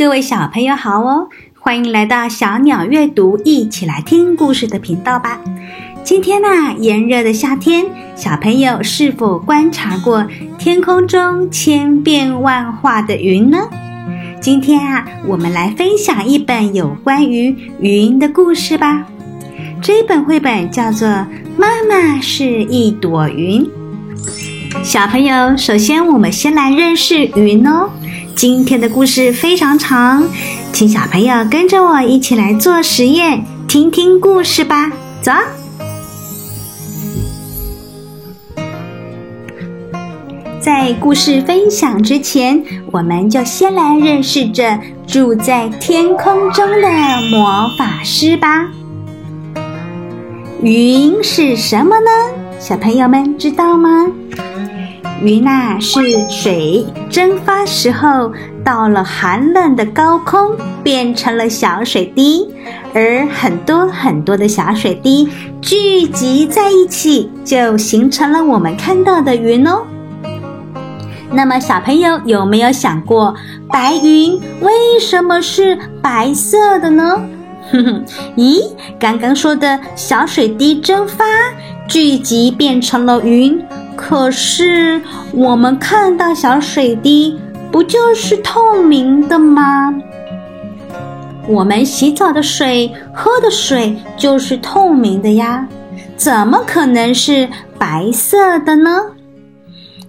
各位小朋友好哦，歡迎來到小鳥閱讀，一起來聽故事的頻道吧。今天呢、啊，炎熱的夏天，小朋友是否觀察過天空中千變萬化的雲呢？今天啊，我們來分享一本有關於雲的故事吧。這本繪本叫做《媽媽是一朵雲》。小朋友，首先我們先來認識雲哦。今天的故事非常長，請小朋友跟着我一起來做實驗，聽聽故事吧。走，在故事分享之前，我們就先來認識這住在天空中的魔法師吧。雲是什麼呢？小朋友們知道嗎？雲吶、啊，是水蒸發時候到了寒冷的高空，變成了小水滴，而很多很多的小水滴聚集在一起，就形成了我們看到的雲哦。那麼，小朋友有沒有想過，白雲為什麼是白色的呢？哼哼，咦，剛剛說的小水滴蒸發聚集變成了雲。可是，我們看到小水滴不就是透明的嗎？我們洗澡的水、喝的水就是透明的呀，怎麼可能是白色的呢？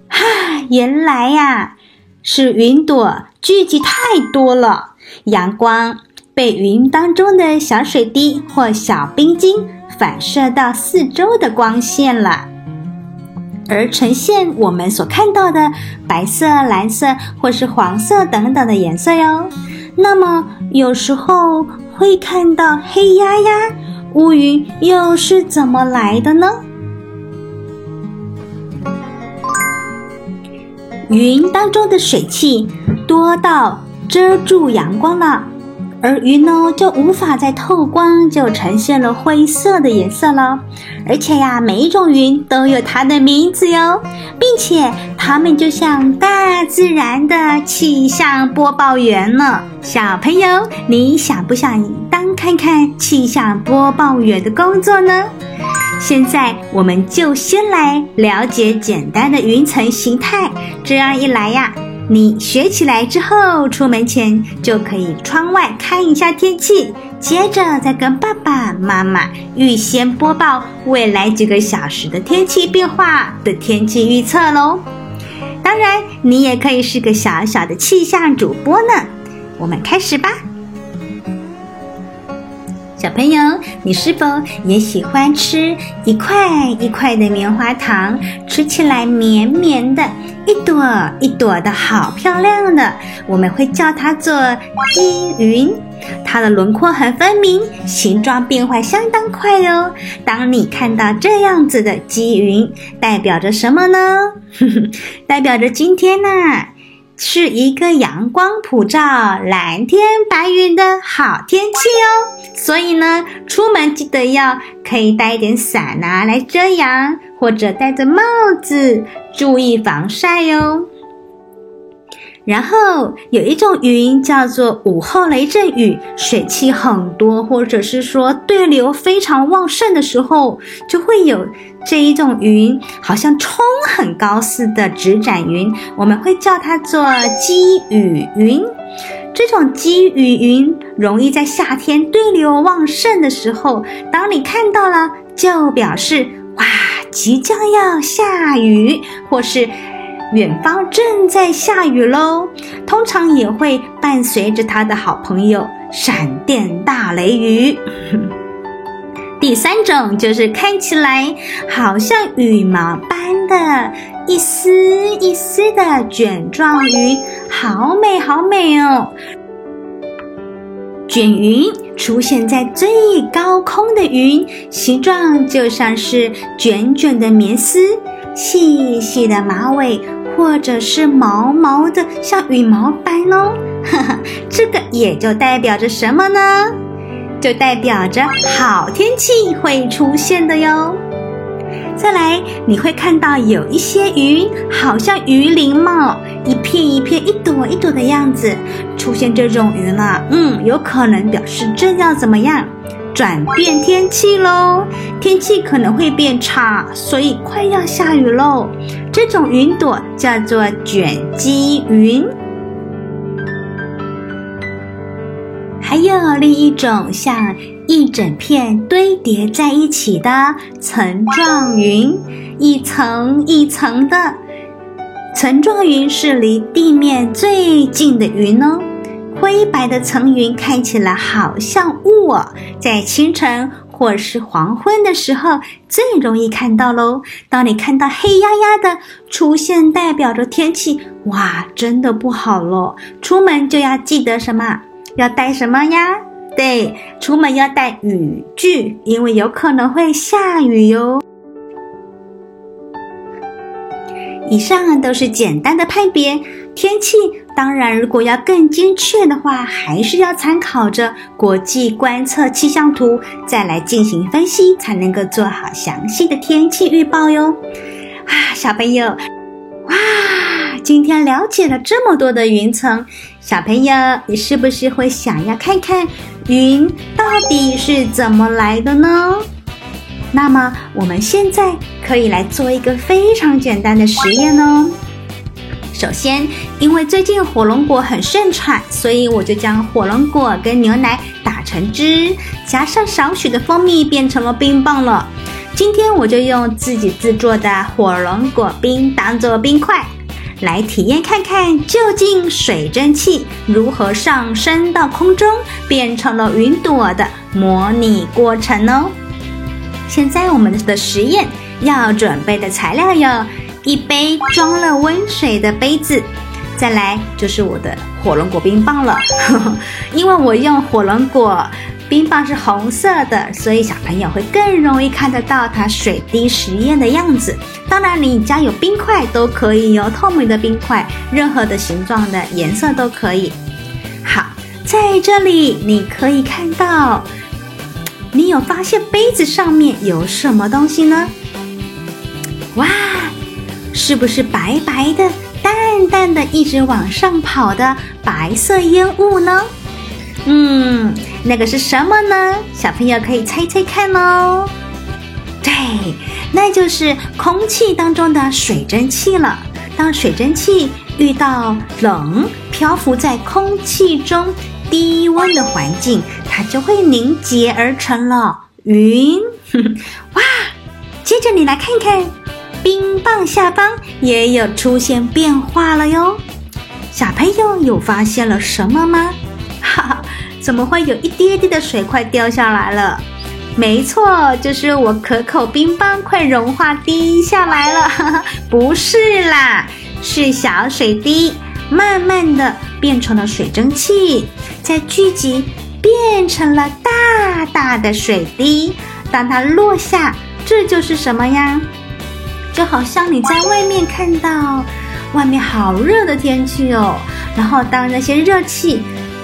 哈，原來呀，是雲朵聚集太多了，陽光被雲當中的小水滴或小冰晶反射到四周的光線了。而呈現我們所看到的白色、藍色或是黃色等等的顏色喲。那麼，有時候會看到黑壓壓烏雲，又是怎麼來的呢？雲當中的水汽多到遮住陽光了。而雲呢，就無法再透光，就呈現了灰色的顏色咯。而且呀，每一種雲都有它的名字喲，並且它們就像大自然的氣象播報員呢。小朋友，你想不想當看看氣象播報員的工作呢？現在我們就先來了解簡單的雲層形態，這樣一來呀。你學起來之後，出門前就可以窗外看一下天氣，接着再跟爸爸媽媽預先播報未來幾個小時的天氣變化的天氣預測嘍。當然，你也可以是個小小的氣象主播呢。我們開始吧。小朋友，你是否也喜歡吃一塊一塊的棉花糖？吃起來綿綿的，一朵一朵的，好漂亮的！的我們會叫它做積雲，它的輪廓很分明，形狀變化相當快喲。當你看到這樣子的積雲，代表着什麼呢？呵呵代表着今天呢、啊？是一個陽光普照、藍天白雲的好天氣哦，所以呢，出門記得要可以帶一點傘吶，來遮陽，或者戴着帽子，注意防曬喲、哦。然後有一種雲叫做午後雷陣雨，水汽很多，或者是說對流非常旺盛的時候，就會有這一種雲，好像衝。很高似的直展雲，我們會叫它做積雨雲。這種積雨雲容易在夏天對流旺盛的時候，當你看到了，就表示哇，即將要下雨，或是遠方正在下雨嘍。通常也會伴隨着他的好朋友——閃電大雷雨。 第三種就是看起來好像羽毛般的一絲一絲的卷狀雲，好美好美哦！卷雲出現在最高空的雲，形狀就像是卷卷的棉絲、細細的馬尾，或者是毛毛的像羽毛般嘍、哦。呵呵，這個也就代表着什麼呢？就代表着好天氣會出現的喲。再來，你會看到有一些雲，好像魚鱗帽，一片一片、一朵一朵的樣子。出現這種雲呢、啊，嗯，有可能表示正要怎麼樣？轉變天氣嘍，天氣可能會變差，所以快要下雨嘍。這種雲朵叫做卷積雲。還有另一種像一整片堆疊在一起的層狀雲，一層一層的。層狀雲是離地面最近的雲哦。灰白的層雲看起來好像霧哦，在清晨或是黃昏的時候最容易看到嘍。當你看到黑壓壓的出現代表着天氣。哇，真的不好嘍。出門就要記得什麼？要帶什麼呀？對，出門要帶雨具，因為有可能會下雨喲。以上都是簡單的判別天氣，當然，如果要更精確的話，還是要參考着國際觀測氣象圖再來進行分析，才能夠做好詳細的天氣預報喲。啊，小朋友，哇，今天了解了這麼多的雲層。小朋友，你是不是會想要看看雲到底是怎麼來的呢？那麼，我們現在可以來做一個非常簡單的實驗哦。首先，因為最近火龍果很盛產，所以我就將火龍果跟牛奶打成汁，加上少許的蜂蜜，變成了冰棒了。今天我就用自己製作的火龍果冰當做冰塊。來體驗看看，究竟水蒸氣如何上升到空中，變成了雲朵的模擬過程哦。現在我們的實驗要準備的材料有一杯裝了溫水的杯子。再來就是我的火龍果冰棒了， 因為我用火龍果冰棒是紅色的，所以小朋友會更容易看得到它水滴實驗的樣子。當然，你家有冰塊都可以，哦，有透明的冰塊，任何的形狀、的顏色都可以。好，在這裡你可以看到，你有發現杯子上面有什麼東西呢？哇，是不是白白的？淡淡的、一直往上跑的白色煙霧呢？嗯，那個是什麼呢？小朋友可以猜猜看哦。對，那就是空氣當中的水蒸氣了。當水蒸氣遇到冷，漂浮在空氣中低溫的環境，它就會凝結而成了雲。 哇！接着你來看看。下方也有出現變化了喲小朋友有發現了什麼嗎？哈哈，怎麼會有一滴滴的水快掉下來了？沒錯，就是我可口冰棒快融化滴下來了。哈哈，不是啦，是小水滴慢慢地變成了水蒸氣，再聚集變成了大大的水滴，當它落下，這就是什麼呀？就好像你在外面看到外面好熱的天氣哦，然後當那些熱氣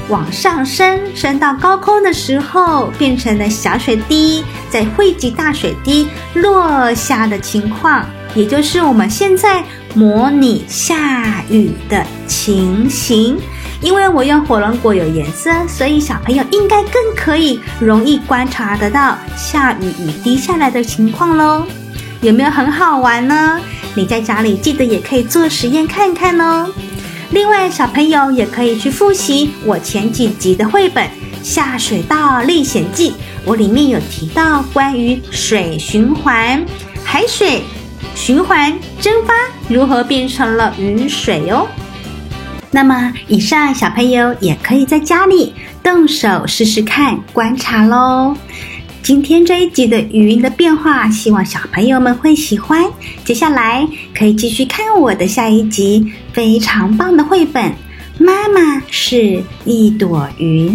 往上升，升到高空的時候，變成了小水滴，在匯集大水滴落下的情況，也就是我們現在模擬下雨的情形。因為我用火龍果有顏色，所以小朋友應該更可以容易觀察得到下雨雨滴下來的情況嘍。有沒有很好玩呢？你在家裡記得也可以做實驗看看哦。另外，小朋友也可以去複習我前幾集的繪本《下水道歷險記》，我裡面有提到關於水循環、海水循環、蒸發如何變成了雨水哦。那麼，以上小朋友也可以在家裡動手試試看觀察嘍。今天這一集的語音的變化，希望小朋友們會喜歡。接下來可以繼續看我的下一集，非常棒的繪本《媽媽是一朵雲》。